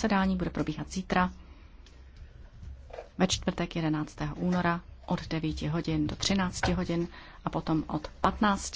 Zasedání bude probíhat zítra ve čtvrtek 11. února od 9 hodin do 13 hodin a potom od 15